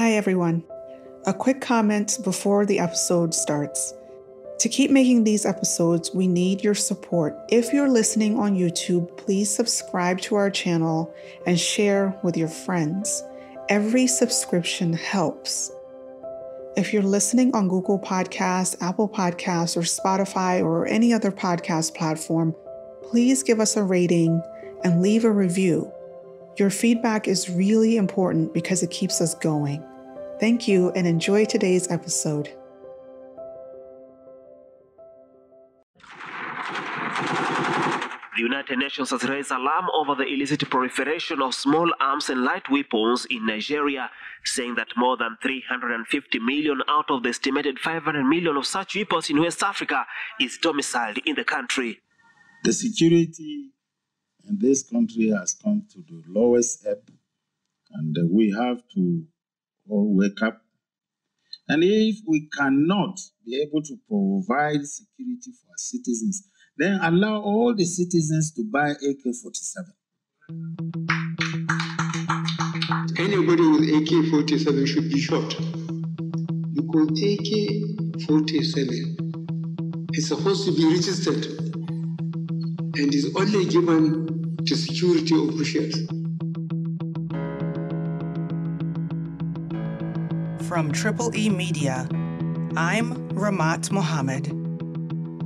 Hi, everyone. A quick comment before the episode starts. To keep making these episodes, we need your support. If you're listening on YouTube, please subscribe to our channel and share with your friends. Every subscription helps. If you're listening on Google Podcasts, Apple Podcasts, or Spotify, or any other podcast platform, please give us a rating and leave a review. Your feedback is really important because it keeps us going. Thank you and enjoy today's episode. The United Nations has raised alarm over the illicit proliferation of small arms and light weapons in Nigeria, saying that more than 350 million out of the estimated 500 million of such weapons in West Africa is domiciled in the country. The security in this country has come to the lowest ebb, and we have to or wake up. And if we cannot be able to provide security for our citizens, then allow all the citizens to buy AK 47. Anybody with AK 47 should be shot. Because AK 47 is supposed to be registered and is only given to security officials. from Triple E Media. I'm Ramat Mohammed,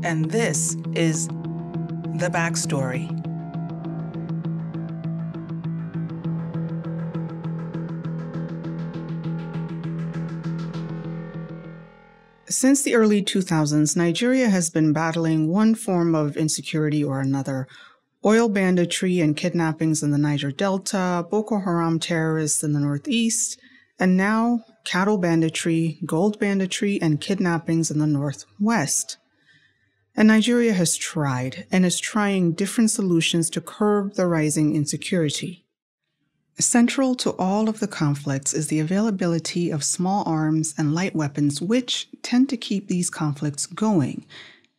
and this is The Backstory. Since the early 2000s, Nigeria has been battling one form of insecurity or another oil banditry and kidnappings in the Niger Delta, Boko Haram terrorists in the Northeast, and now cattle banditry, gold banditry, and kidnappings in the Northwest. And Nigeria has tried and is trying different solutions to curb the rising insecurity. Central to all of the conflicts is the availability of small arms and light weapons, which tend to keep these conflicts going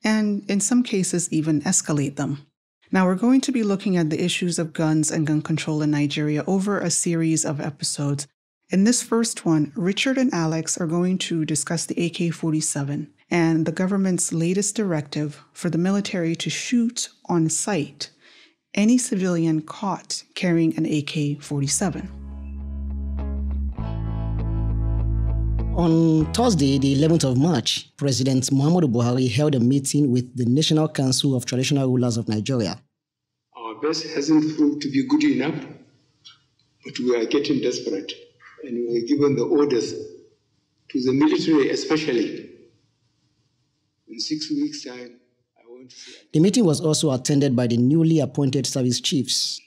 and, in some cases, even escalate them. Now, we're going to be looking at the issues of guns and gun control in Nigeria over a series of episodes in this first one, Richard and Alex are going to discuss the AK 47 and the government's latest directive for the military to shoot on sight any civilian caught carrying an AK 47. On Thursday, the 11th of March, President Muhammadu Buhari held a meeting with the National Council of Traditional Rulers of Nigeria. Our best hasn't proved to be good enough, but we are getting desperate and we were given the orders to the military especially. In six weeks' time, I want to see. The meeting was also attended by the newly appointed service chiefs.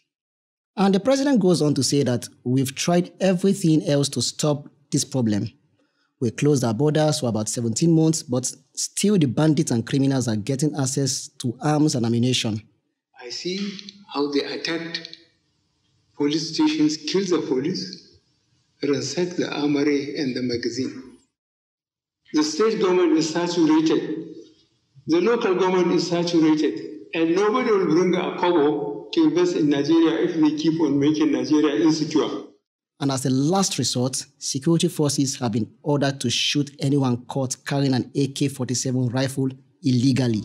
And the president goes on to say that we've tried everything else to stop this problem. We closed our borders for about 17 months, but still the bandits and criminals are getting access to arms and ammunition. I see how they attacked police stations, killed the police, ransacked the armory and the magazine. The state government is saturated. The local government is saturated. And nobody will bring a kobo to invest in Nigeria if they keep on making Nigeria insecure. And as a last resort, security forces have been ordered to shoot anyone caught carrying an AK 47 rifle illegally.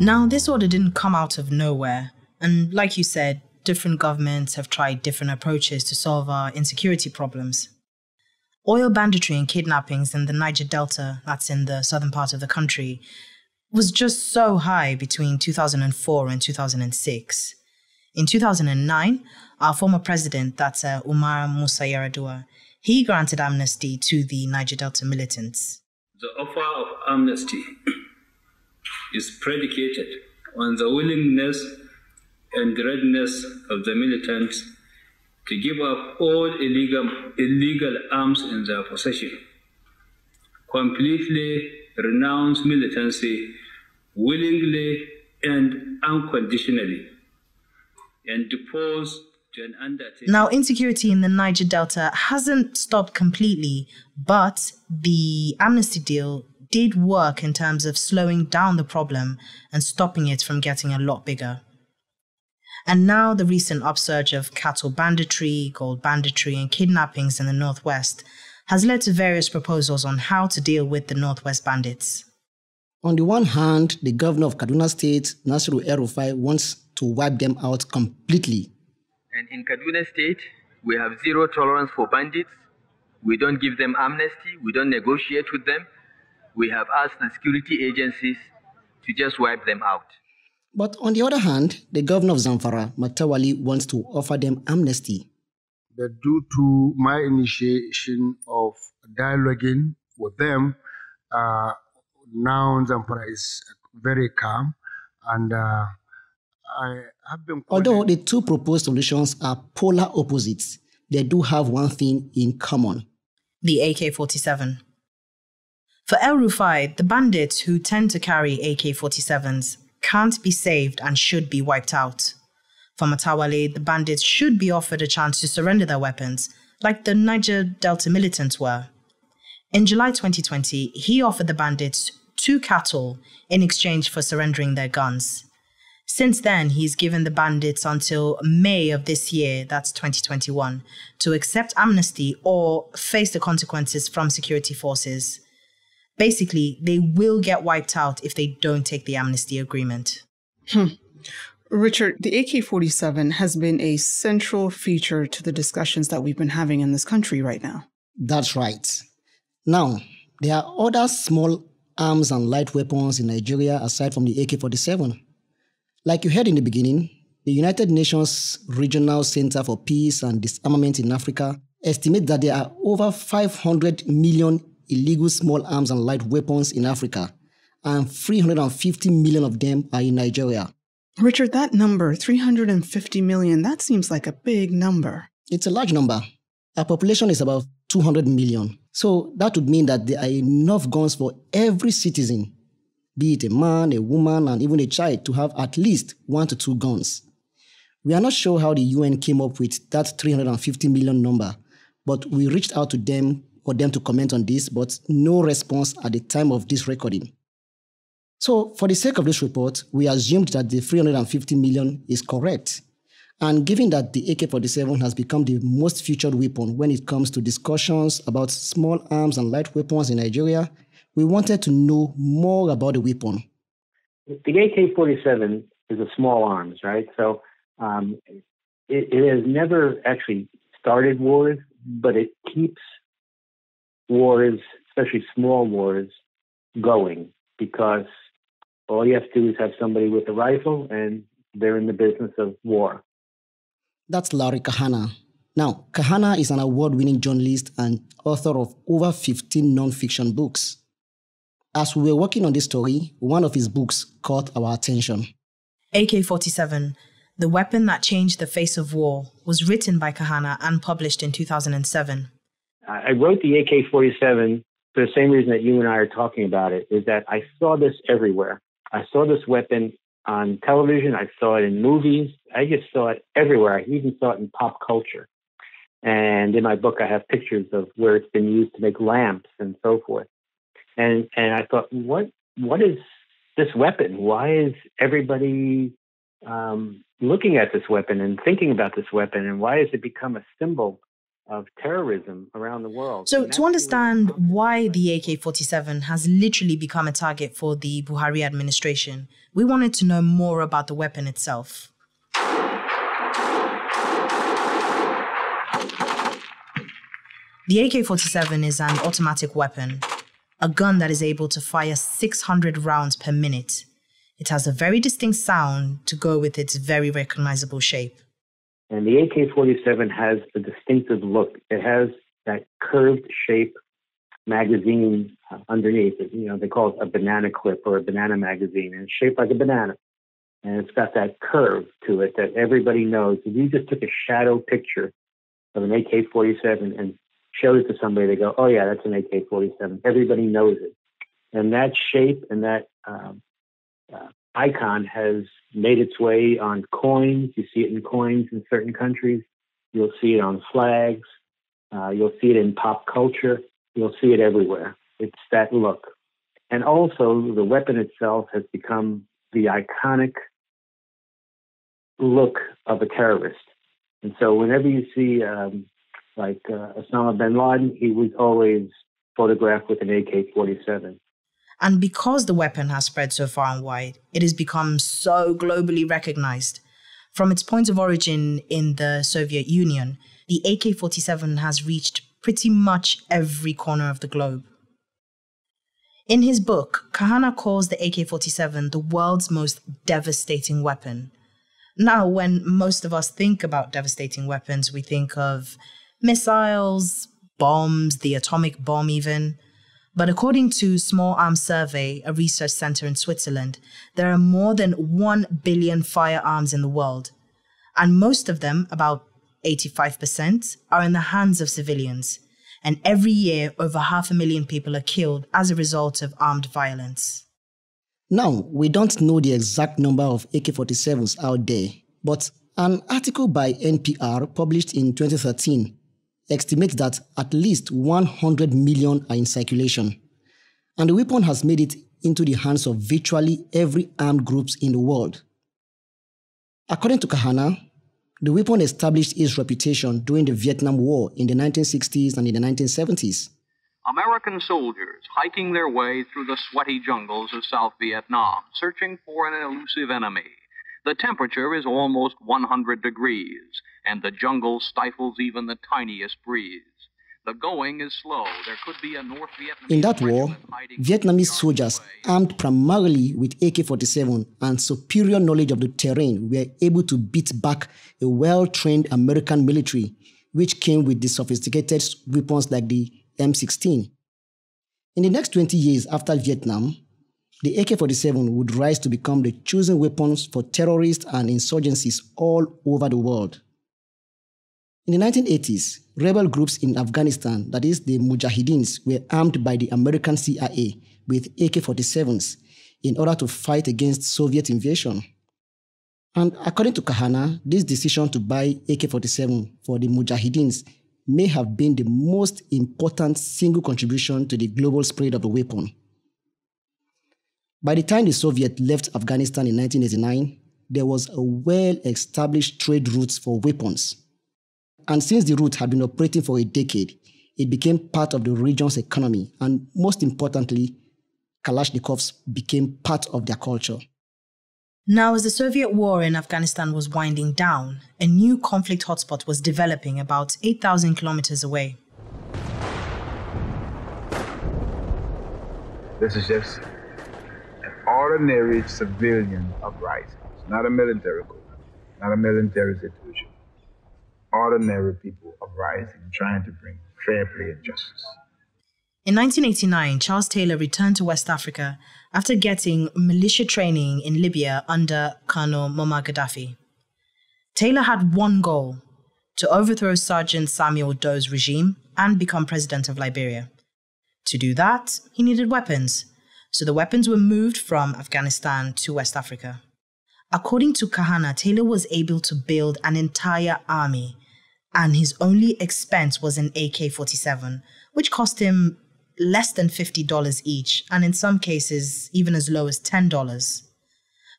Now, this order didn't come out of nowhere. And like you said, different governments have tried different approaches to solve our insecurity problems. Oil banditry and kidnappings in the Niger Delta, that's in the southern part of the country, was just so high between 2004 and 2006. In 2009, our former president, that's uh, Umar Musa Yaradua, he granted amnesty to the Niger Delta militants. The offer of amnesty is predicated on the willingness and readiness of the militants to give up all illegal, illegal arms in their possession, completely renounce militancy willingly and unconditionally, and depose to an undertaking. Now, insecurity in the Niger Delta hasn't stopped completely, but the amnesty deal did work in terms of slowing down the problem and stopping it from getting a lot bigger. And now the recent upsurge of cattle banditry, gold banditry, and kidnappings in the Northwest has led to various proposals on how to deal with the Northwest bandits. On the one hand, the governor of Kaduna State, Nasiru El wants to wipe them out completely. And in Kaduna State, we have zero tolerance for bandits. We don't give them amnesty. We don't negotiate with them. We have asked the security agencies to just wipe them out. But on the other hand, the governor of Zamfara, Matawali, wants to offer them amnesty. But due to my initiation of dialoguing with them, uh, now Zamfara is very calm and uh, I have been. Although the two proposed solutions are polar opposites, they do have one thing in common the AK 47. For El Rufai, the bandits who tend to carry AK 47s can't be saved and should be wiped out. For Matawale, the bandits should be offered a chance to surrender their weapons, like the Niger Delta militants were. In July 2020, he offered the bandits two cattle in exchange for surrendering their guns. Since then, he's given the bandits until May of this year, that's 2021, to accept amnesty or face the consequences from security forces. Basically, they will get wiped out if they don't take the amnesty agreement. Hmm. Richard, the AK 47 has been a central feature to the discussions that we've been having in this country right now. That's right. Now, there are other small arms and light weapons in Nigeria aside from the AK 47. Like you heard in the beginning, the United Nations Regional Center for Peace and Disarmament in Africa estimates that there are over 500 million illegal small arms and light weapons in Africa, and 350 million of them are in Nigeria. Richard, that number, 350 million, that seems like a big number. It's a large number. Our population is about 200 million. So that would mean that there are enough guns for every citizen, be it a man, a woman, and even a child, to have at least one to two guns. We are not sure how the UN came up with that 350 million number, but we reached out to them for them to comment on this, but no response at the time of this recording. So, for the sake of this report, we assumed that the 350 million is correct. And given that the AK 47 has become the most featured weapon when it comes to discussions about small arms and light weapons in Nigeria, we wanted to know more about the weapon. The AK 47 is a small arms, right? So, um, it, it has never actually started wars, but it keeps wars, especially small wars, going because all you have to do is have somebody with a rifle and they're in the business of war. That's Larry Kahana. Now, Kahana is an award winning journalist and author of over 15 non-fiction books. As we were working on this story, one of his books caught our attention. AK 47, The Weapon That Changed the Face of War, was written by Kahana and published in 2007. I wrote the AK 47 for the same reason that you and I are talking about it is that I saw this everywhere. I saw this weapon on television, I saw it in movies, I just saw it everywhere. I even saw it in pop culture. And in my book, I have pictures of where it's been used to make lamps and so forth. And and I thought, what what is this weapon? Why is everybody um, looking at this weapon and thinking about this weapon? And why has it become a symbol of terrorism around the world. So, to understand why the AK 47 has literally become a target for the Buhari administration, we wanted to know more about the weapon itself. The AK 47 is an automatic weapon, a gun that is able to fire 600 rounds per minute. It has a very distinct sound to go with its very recognizable shape. And the AK 47 has a distinctive look. It has that curved shape magazine uh, underneath it. You know, they call it a banana clip or a banana magazine, and it's shaped like a banana. And it's got that curve to it that everybody knows. If you just took a shadow picture of an AK 47 and showed it to somebody, they go, oh, yeah, that's an AK 47. Everybody knows it. And that shape and that um, uh, icon has made its way on coins. You see it in coins in certain countries. You'll see it on flags. Uh, you'll see it in pop culture. You'll see it everywhere. It's that look. And also, the weapon itself has become the iconic look of a terrorist. And so, whenever you see, um, like uh, Osama bin Laden, he was always photographed with an AK 47. And because the weapon has spread so far and wide, it has become so globally recognized. From its point of origin in the Soviet Union, the AK 47 has reached pretty much every corner of the globe. In his book, Kahana calls the AK 47 the world's most devastating weapon. Now, when most of us think about devastating weapons, we think of missiles, bombs, the atomic bomb, even. But according to Small Arms Survey, a research center in Switzerland, there are more than 1 billion firearms in the world. And most of them, about 85%, are in the hands of civilians. And every year, over half a million people are killed as a result of armed violence. Now, we don't know the exact number of AK 47s out there, but an article by NPR published in 2013 estimates that at least 100 million are in circulation. And the weapon has made it into the hands of virtually every armed groups in the world. According to Kahana, the weapon established its reputation during the Vietnam War in the 1960s and in the 1970s. American soldiers hiking their way through the sweaty jungles of South Vietnam, searching for an elusive enemy the temperature is almost 100 degrees, and the jungle stifles even the tiniest breeze. The going is slow. There could be a North Vietnamese In that war, Vietnamese soldiers, armed primarily with AK 47 and superior knowledge of the terrain, were able to beat back a well trained American military, which came with the sophisticated weapons like the M16. In the next 20 years after Vietnam, the AK 47 would rise to become the chosen weapons for terrorists and insurgencies all over the world. In the 1980s, rebel groups in Afghanistan, that is, the Mujahideens, were armed by the American CIA with AK 47s in order to fight against Soviet invasion. And according to Kahana, this decision to buy AK 47 for the Mujahideens may have been the most important single contribution to the global spread of the weapon. By the time the Soviet left Afghanistan in 1989, there was a well established trade route for weapons. And since the route had been operating for a decade, it became part of the region's economy. And most importantly, Kalashnikovs became part of their culture. Now, as the Soviet war in Afghanistan was winding down, a new conflict hotspot was developing about 8,000 kilometers away. This is Jeffs ordinary civilian uprisings, not a military coup, not a military situation. Ordinary people uprising, trying to bring fair play and justice. In 1989, Charles Taylor returned to West Africa after getting militia training in Libya under Colonel Muammar Gaddafi. Taylor had one goal to overthrow Sergeant Samuel Doe's regime and become president of Liberia. To do that, he needed weapons, so the weapons were moved from Afghanistan to West Africa. According to Kahana, Taylor was able to build an entire army, and his only expense was an AK 47, which cost him less than $50 each, and in some cases, even as low as $10.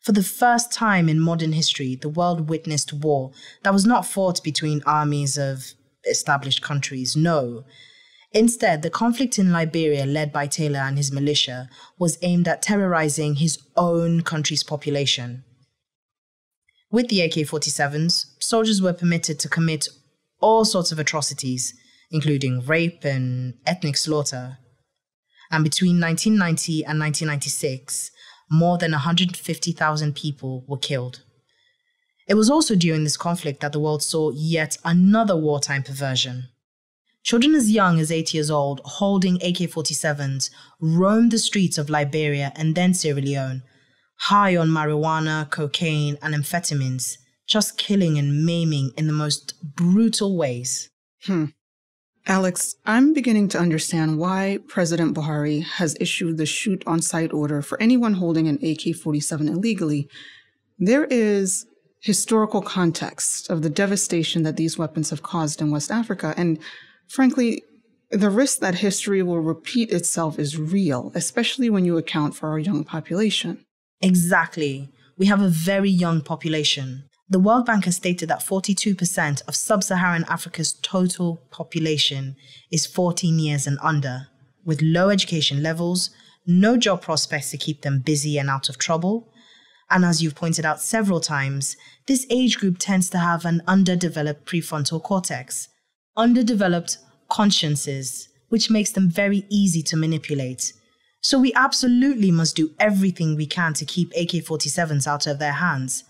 For the first time in modern history, the world witnessed war that was not fought between armies of established countries. No, Instead, the conflict in Liberia, led by Taylor and his militia, was aimed at terrorizing his own country's population. With the AK 47s, soldiers were permitted to commit all sorts of atrocities, including rape and ethnic slaughter. And between 1990 and 1996, more than 150,000 people were killed. It was also during this conflict that the world saw yet another wartime perversion Children as young as eight years old, holding AK 47s, roam the streets of Liberia and then Sierra Leone, high on marijuana, cocaine, and amphetamines, just killing and maiming in the most brutal ways. Hmm. Alex, I'm beginning to understand why President Buhari has issued the shoot on site order for anyone holding an AK 47 illegally. There is historical context of the devastation that these weapons have caused in West Africa, and Frankly, the risk that history will repeat itself is real, especially when you account for our young population. Exactly. We have a very young population. The World Bank has stated that 42% of sub Saharan Africa's total population is 14 years and under, with low education levels, no job prospects to keep them busy and out of trouble. And as you've pointed out several times, this age group tends to have an underdeveloped prefrontal cortex, underdeveloped consciences, which makes them very easy to manipulate. So we absolutely must do everything we can to keep AK 47s out of their hands.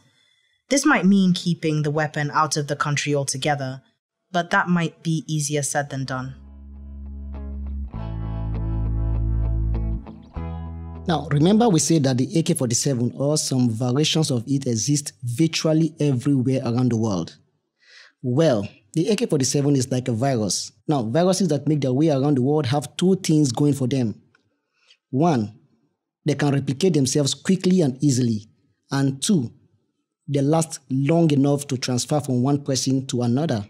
This might mean keeping the weapon out of the country altogether, but that might be easier said than done. Now, remember we said that the AK 47 or some variations of it exist virtually everywhere around the world. Well, the AK-47 is like a virus. Now, viruses that make their way around the world have two things going for them. One, they can replicate themselves quickly and easily. And two, they last long enough to transfer from one person to another.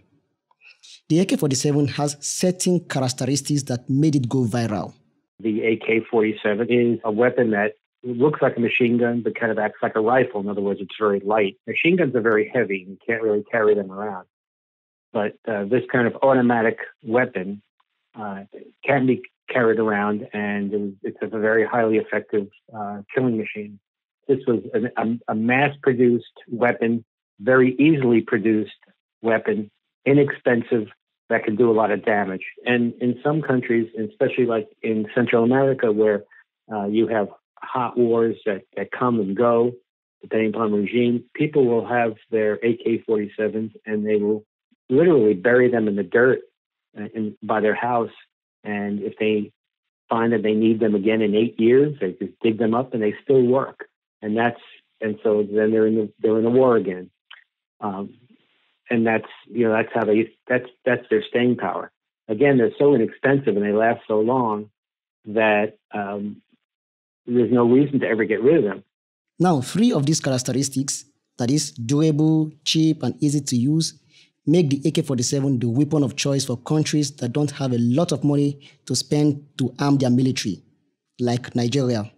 The AK-47 has certain characteristics that made it go viral. The AK-47 is a weapon that looks like a machine gun, but kind of acts like a rifle. In other words, it's very light. Machine guns are very heavy. You can't really carry them around. But uh, this kind of automatic weapon uh, can be carried around, and it's a very highly effective uh, killing machine. This was an, a, a mass-produced weapon, very easily produced weapon, inexpensive, that can do a lot of damage. And in some countries, especially like in Central America, where uh, you have hot wars that, that come and go, depending upon regime, people will have their AK 47s and they will literally bury them in the dirt uh, in, by their house. And if they find that they need them again in eight years, they just dig them up and they still work. And that's and so then they're in the they're in the war again. Um, and that's you know that's how they that's that's their staying power. Again, they're so inexpensive and they last so long that um, there's no reason to ever get rid of them. Now, three of these characteristics that is, doable, cheap, and easy to use make the AK-47 the weapon of choice for countries that don't have a lot of money to spend to arm their military, like Nigeria.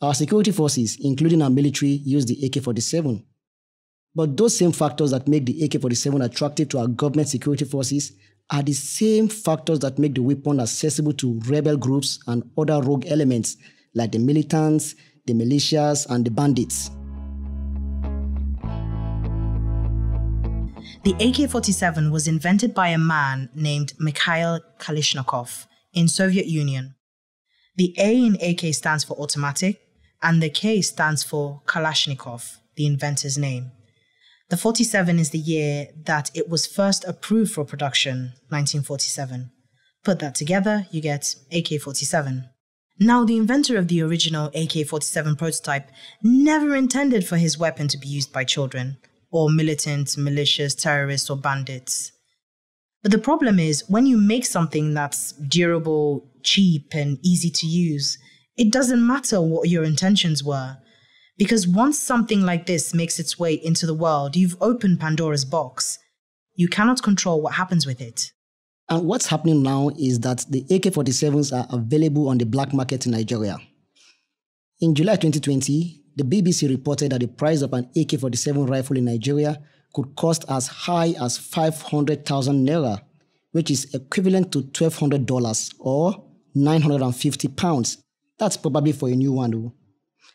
Our security forces, including our military, use the AK-47. But those same factors that make the AK-47 attractive to our government security forces are the same factors that make the weapon accessible to rebel groups and other rogue elements like the militants, the militias, and the bandits. The AK 47 was invented by a man named Mikhail Kalishnikov in Soviet Union. The A in AK stands for automatic, and the K stands for Kalashnikov, the inventor's name. The 47 is the year that it was first approved for production, 1947. Put that together, you get AK 47. Now, the inventor of the original AK 47 prototype never intended for his weapon to be used by children, or militants, malicious terrorists, or bandits. But the problem is when you make something that's durable, cheap, and easy to use, it doesn't matter what your intentions were. Because once something like this makes its way into the world, you've opened Pandora's box. You cannot control what happens with it. And what's happening now is that the AK 47s are available on the black market in Nigeria. In July 2020, the BBC reported that the price of an AK 47 rifle in Nigeria could cost as high as 500,000 naira, which is equivalent to $1,200 or 950 pounds. That's probably for a new one, though.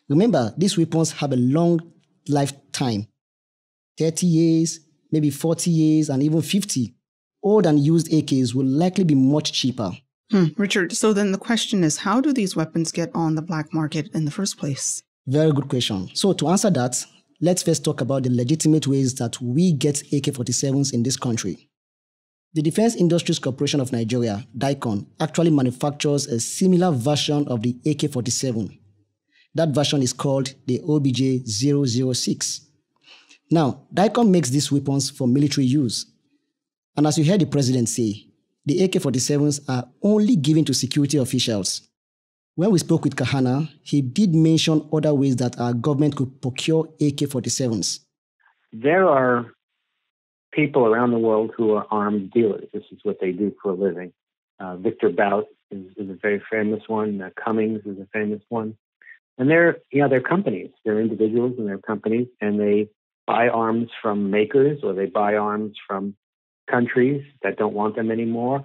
Remember, these weapons have a long lifetime 30 years, maybe 40 years, and even 50. Old and used AKs will likely be much cheaper. Hmm, Richard, so then the question is how do these weapons get on the black market in the first place? Very good question. So to answer that, let's first talk about the legitimate ways that we get AK-47s in this country. The Defense Industries Corporation of Nigeria, DICON, actually manufactures a similar version of the AK-47. That version is called the OBJ-006. Now, DICON makes these weapons for military use. And as you heard the president say, the AK-47s are only given to security officials. When we spoke with Kahana, he did mention other ways that our government could procure AK 47s. There are people around the world who are arms dealers. This is what they do for a living. Uh, Victor Bout is, is, a very famous one. Uh, Cummings is a famous one. And they're, you know, they're companies. They're individuals and they're companies, and they buy arms from makers or they buy arms from countries that don't want them anymore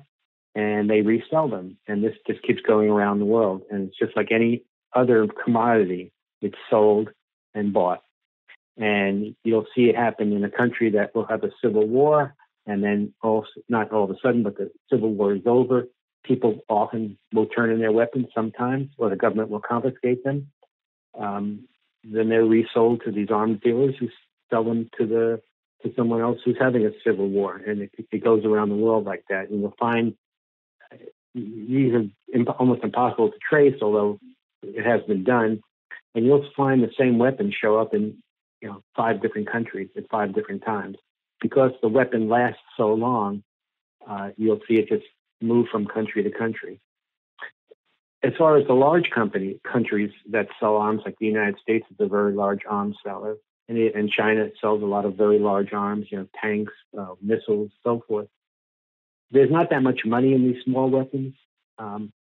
and they resell them. And this just keeps going around the world. And it's just like any other commodity, it's sold and bought. And you'll see it happen in a country that will have a civil war. And then, all, not all of a sudden, but the civil war is over. People often will turn in their weapons sometimes, or the government will confiscate them. Um, then they're resold to these arms dealers who sell them to the to someone else who's having a civil war, and it, it goes around the world like that. And you'll find these are almost impossible to trace, although it has been done. And you'll find the same weapon show up in you know five different countries at five different times because the weapon lasts so long. Uh, you'll see it just move from country to country. As far as the large company countries that sell arms, like the United States is a very large arms seller, and, it, and China sells a lot of very large arms, you know, tanks, uh, missiles, so forth. There's not that much money in these small weapons, um,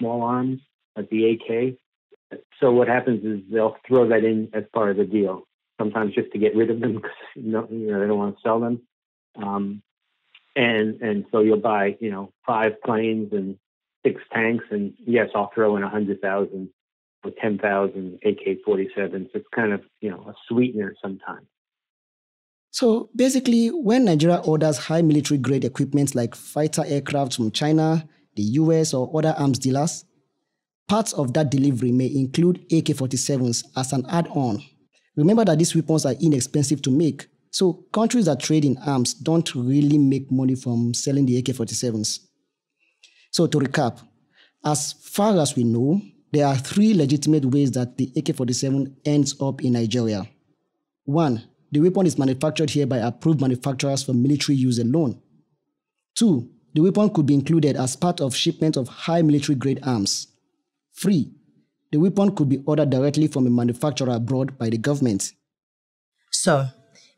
small arms, like the AK. So what happens is they'll throw that in as part of the deal, sometimes just to get rid of them because you know, they don't want to sell them. Um, and and so you'll buy you know five planes and six tanks, and yes, I'll throw in a hundred thousand or ten thousand AK-47s. It's kind of you know a sweetener sometimes. So basically, when Nigeria orders high military grade equipment like fighter aircraft from China, the US, or other arms dealers, parts of that delivery may include AK 47s as an add on. Remember that these weapons are inexpensive to make, so countries that trade in arms don't really make money from selling the AK 47s. So to recap, as far as we know, there are three legitimate ways that the AK 47 ends up in Nigeria. One, the weapon is manufactured here by approved manufacturers for military use alone. Two, the weapon could be included as part of shipment of high military grade arms. Three, the weapon could be ordered directly from a manufacturer abroad by the government. So,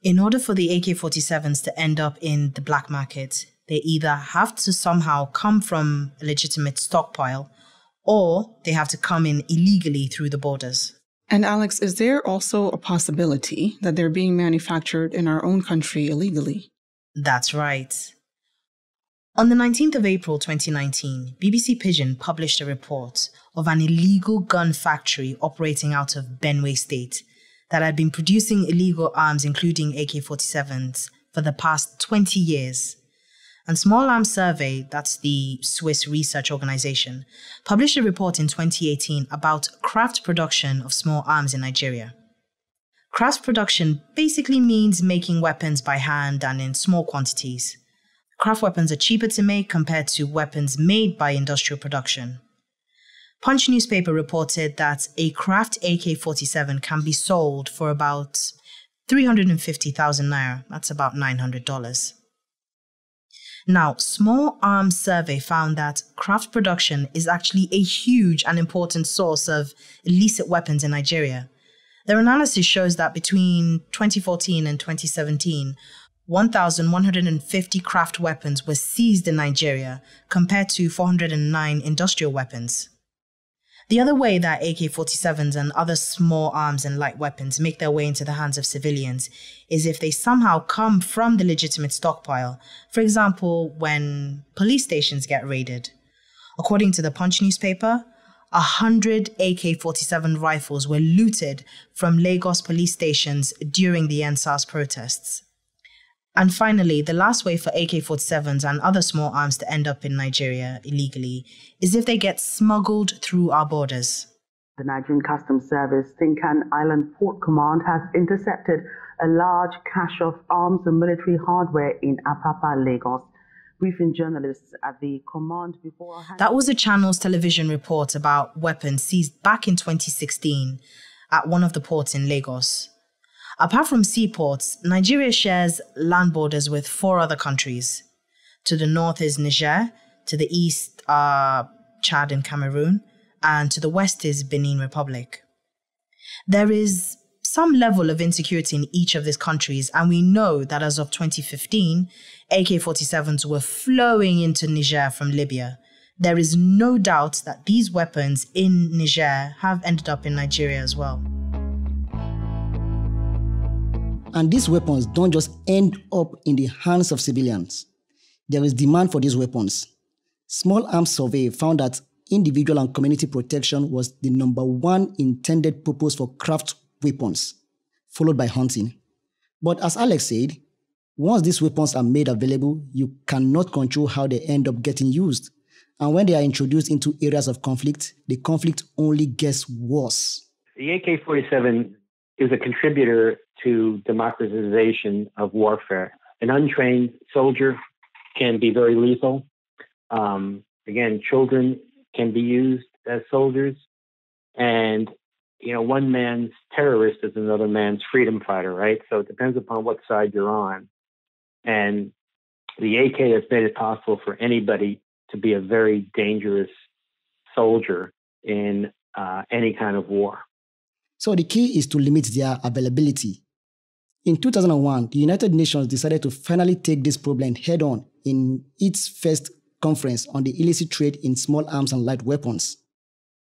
in order for the AK 47s to end up in the black market, they either have to somehow come from a legitimate stockpile or they have to come in illegally through the borders. And Alex, is there also a possibility that they're being manufactured in our own country illegally? That's right. On the 19th of April 2019, BBC Pigeon published a report of an illegal gun factory operating out of Benue State that had been producing illegal arms, including AK 47s, for the past 20 years and Small Arms Survey, that's the Swiss research organization, published a report in 2018 about craft production of small arms in Nigeria. Craft production basically means making weapons by hand and in small quantities. Craft weapons are cheaper to make compared to weapons made by industrial production. Punch newspaper reported that a craft AK 47 can be sold for about 350,000 naira, that's about $900. Now, Small Arms Survey found that craft production is actually a huge and important source of illicit weapons in Nigeria. Their analysis shows that between 2014 and 2017, 1,150 craft weapons were seized in Nigeria compared to 409 industrial weapons. The other way that AK 47s and other small arms and light weapons make their way into the hands of civilians is if they somehow come from the legitimate stockpile, for example, when police stations get raided. According to the Punch newspaper, 100 AK 47 rifles were looted from Lagos police stations during the NSAS protests. And finally, the last way for AK 47s and other small arms to end up in Nigeria illegally is if they get smuggled through our borders. The Nigerian Customs Service, Sinkan Island Port Command, has intercepted a large cache of arms and military hardware in Apapa, Lagos. Briefing journalists at the command before. That was a channel's television report about weapons seized back in 2016 at one of the ports in Lagos. Apart from seaports, Nigeria shares land borders with four other countries. To the north is Niger, to the east are Chad and Cameroon, and to the west is Benin Republic. There is some level of insecurity in each of these countries, and we know that as of 2015, AK 47s were flowing into Niger from Libya. There is no doubt that these weapons in Niger have ended up in Nigeria as well. And these weapons don't just end up in the hands of civilians. There is demand for these weapons. Small Arms Survey found that individual and community protection was the number one intended purpose for craft weapons, followed by hunting. But as Alex said, once these weapons are made available, you cannot control how they end up getting used. And when they are introduced into areas of conflict, the conflict only gets worse. The AK 47 is a contributor to democratization of warfare. An untrained soldier can be very lethal. Um, again, children can be used as soldiers, and you know, one man's terrorist is another man's freedom fighter, right? So it depends upon what side you're on. And the AK has made it possible for anybody to be a very dangerous soldier in uh, any kind of war. So the key is to limit their availability. In 2001, the United Nations decided to finally take this problem head on in its first conference on the illicit trade in small arms and light weapons.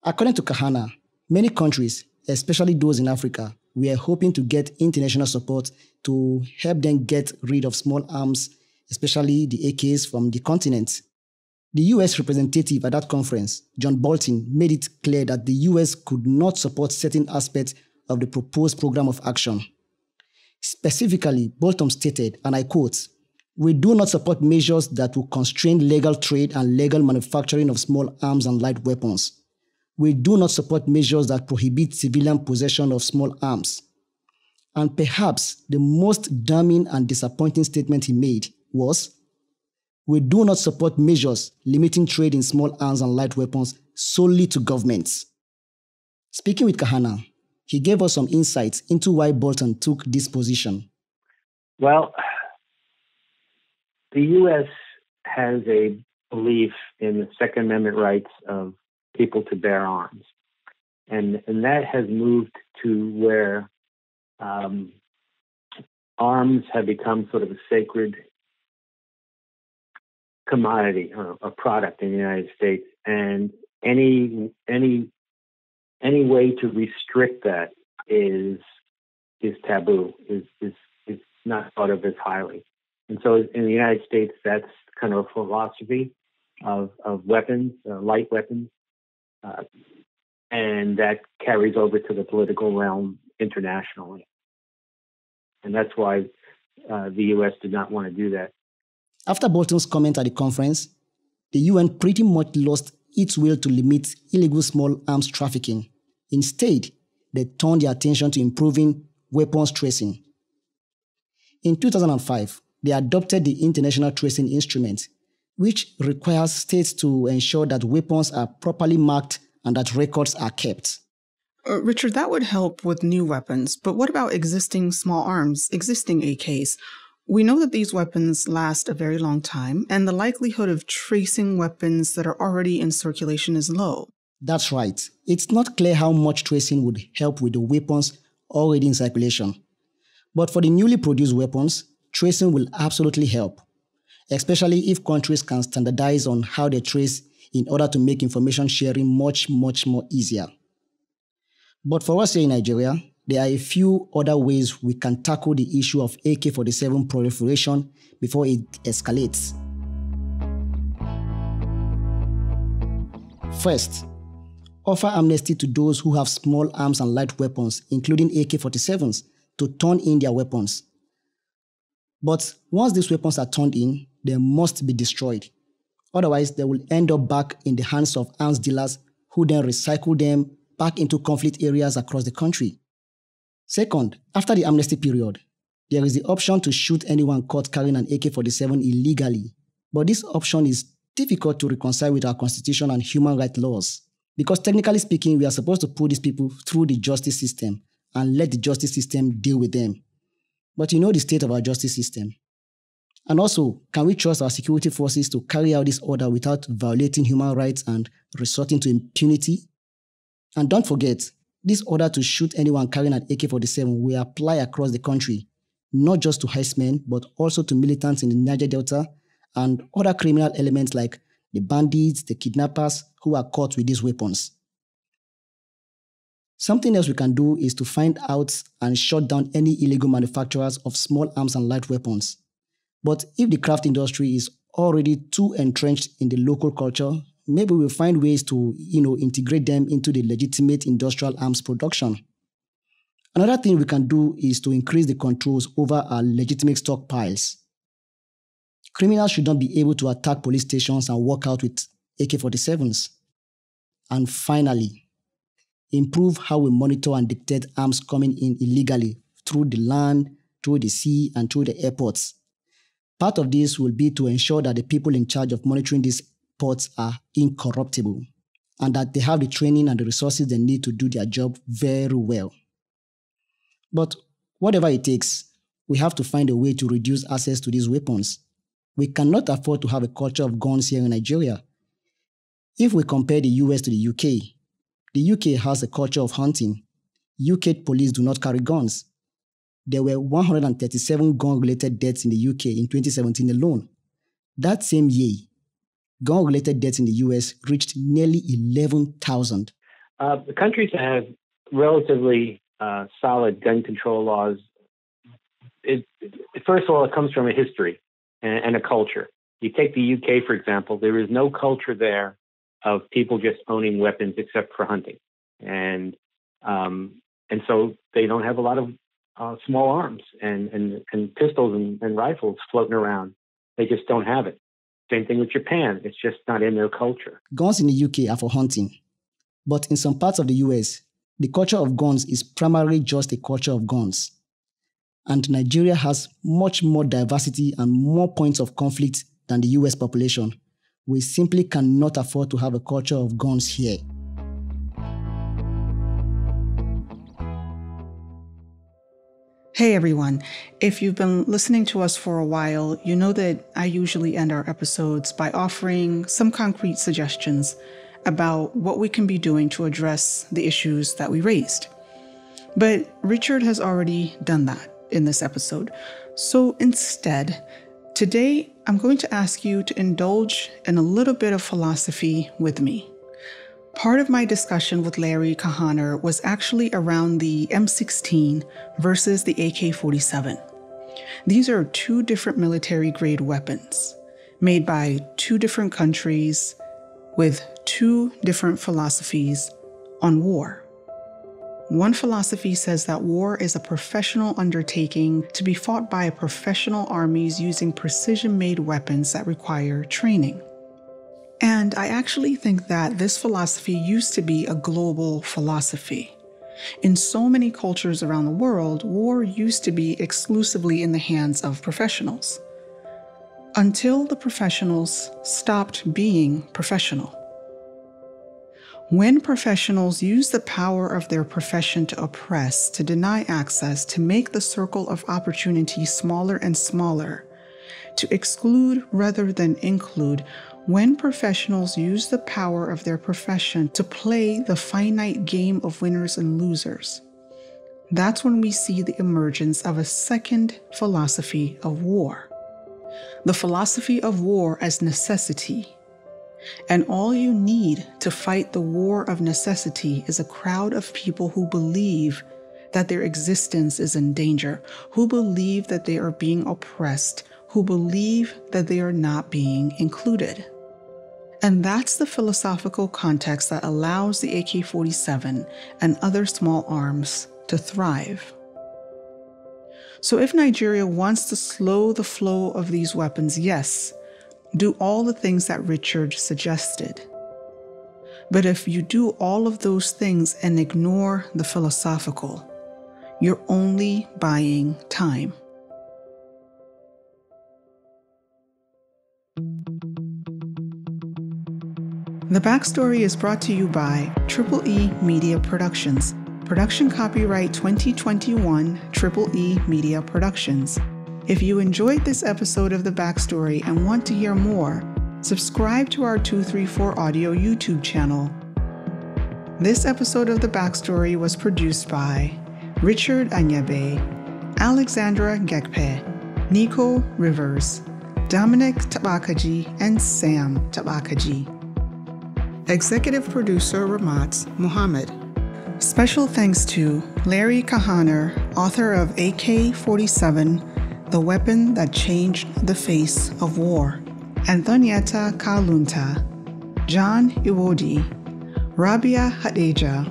According to Kahana, many countries, especially those in Africa, were hoping to get international support to help them get rid of small arms, especially the AKs from the continent. The US representative at that conference, John Bolton, made it clear that the US could not support certain aspects of the proposed program of action. Specifically, Bolton stated, and I quote, We do not support measures that will constrain legal trade and legal manufacturing of small arms and light weapons. We do not support measures that prohibit civilian possession of small arms. And perhaps the most damning and disappointing statement he made was we do not support measures limiting trade in small arms and light weapons solely to governments. Speaking with Kahana, he gave us some insights into why Bolton took this position. Well, the U.S. has a belief in the Second Amendment rights of people to bear arms. And, and that has moved to where um, arms have become sort of a sacred commodity or uh, a product in the United States, and any any any way to restrict that is is taboo is is is not thought of as highly. And so in the United States, that's kind of a philosophy of of weapons, uh, light weapons, uh, and that carries over to the political realm internationally. And that's why uh, the U.S. did not want to do that. After Bolton's comment at the conference, the UN pretty much lost its will to limit illegal small arms trafficking. Instead, they turned their attention to improving weapons tracing. In 2005, they adopted the International Tracing Instrument, which requires states to ensure that weapons are properly marked and that records are kept. Uh, Richard, that would help with new weapons, but what about existing small arms, existing AKs? We know that these weapons last a very long time, and the likelihood of tracing weapons that are already in circulation is low. That's right. It's not clear how much tracing would help with the weapons already in circulation. But for the newly produced weapons, tracing will absolutely help, especially if countries can standardize on how they trace in order to make information sharing much, much more easier. But for us here in Nigeria, there are a few other ways we can tackle the issue of AK 47 proliferation before it escalates. First, offer amnesty to those who have small arms and light weapons, including AK 47s, to turn in their weapons. But once these weapons are turned in, they must be destroyed. Otherwise, they will end up back in the hands of arms dealers who then recycle them back into conflict areas across the country. Second, after the amnesty period, there is the option to shoot anyone caught carrying an AK 47 illegally, but this option is difficult to reconcile with our constitution and human rights laws. Because technically speaking, we are supposed to put these people through the justice system and let the justice system deal with them. But you know the state of our justice system. And also, can we trust our security forces to carry out this order without violating human rights and resorting to impunity? And don't forget, this order to shoot anyone carrying an AK 47 will apply across the country, not just to heistmen, but also to militants in the Niger Delta and other criminal elements like the bandits, the kidnappers who are caught with these weapons. Something else we can do is to find out and shut down any illegal manufacturers of small arms and light weapons. But if the craft industry is already too entrenched in the local culture maybe we'll find ways to, you know, integrate them into the legitimate industrial arms production. Another thing we can do is to increase the controls over our legitimate stockpiles. Criminals should not be able to attack police stations and walk out with AK 47s. And finally, improve how we monitor and detect arms coming in illegally through the land, through the sea, and through the airports. Part of this will be to ensure that the people in charge of monitoring these are incorruptible and that they have the training and the resources they need to do their job very well. But whatever it takes, we have to find a way to reduce access to these weapons. We cannot afford to have a culture of guns here in Nigeria. If we compare the US to the UK, the UK has a culture of hunting. UK police do not carry guns. There were 137 gun related deaths in the UK in 2017 alone. That same year, gun related deaths in the US reached nearly 11,000. Uh, the countries that have relatively uh, solid gun control laws, it, first of all, it comes from a history and, and a culture. You take the UK, for example, there is no culture there of people just owning weapons except for hunting. And um, and so they don't have a lot of uh, small arms and, and, and pistols and, and, rifles floating around. They just don't have it. Same thing with Japan. It's just not in their culture. Guns in the UK are for hunting. But in some parts of the US, the culture of guns is primarily just a culture of guns. And Nigeria has much more diversity and more points of conflict than the US population. We simply cannot afford to have a culture of guns here. Hey everyone, if you've been listening to us for a while, you know that I usually end our episodes by offering some concrete suggestions about what we can be doing to address the issues that we raised. But Richard has already done that in this episode. So instead, today I'm going to ask you to indulge in a little bit of philosophy with me. Part of my discussion with Larry Kahaner was actually around the M16 versus the AK 47. These are two different military grade weapons made by two different countries with two different philosophies on war. One philosophy says that war is a professional undertaking to be fought by professional armies using precision made weapons that require training. And I actually think that this philosophy used to be a global philosophy. In so many cultures around the world, war used to be exclusively in the hands of professionals. Until the professionals stopped being professional. When professionals use the power of their profession to oppress, to deny access, to make the circle of opportunity smaller and smaller, to exclude rather than include, when professionals use the power of their profession to play the finite game of winners and losers, that's when we see the emergence of a second philosophy of war. The philosophy of war as necessity. And all you need to fight the war of necessity is a crowd of people who believe that their existence is in danger, who believe that they are being oppressed, who believe that they are not being included. And that's the philosophical context that allows the AK 47 and other small arms to thrive. So, if Nigeria wants to slow the flow of these weapons, yes, do all the things that Richard suggested. But if you do all of those things and ignore the philosophical, you're only buying time. The backstory is brought to you by Triple E Media Productions. Production copyright 2021 Triple E Media Productions. If you enjoyed this episode of The Backstory and want to hear more, subscribe to our 234 Audio YouTube channel. This episode of The Backstory was produced by Richard Anyabe, Alexandra Gekpe, Nico Rivers, Dominic Tabakaji, and Sam Tabakaji. Executive Producer Ramaz Muhammad. Special thanks to Larry Kahaner, author of AK 47, The Weapon That Changed the Face of War, Antonietta Kalunta, John Iwodi, Rabia Hadeja,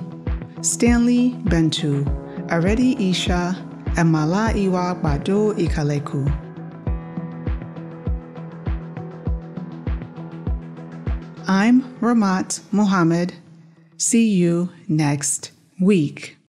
Stanley Bentu, Aredi Isha, and Malaiwa Bado Ikaleku. I'm Ramat Mohammed. See you next week.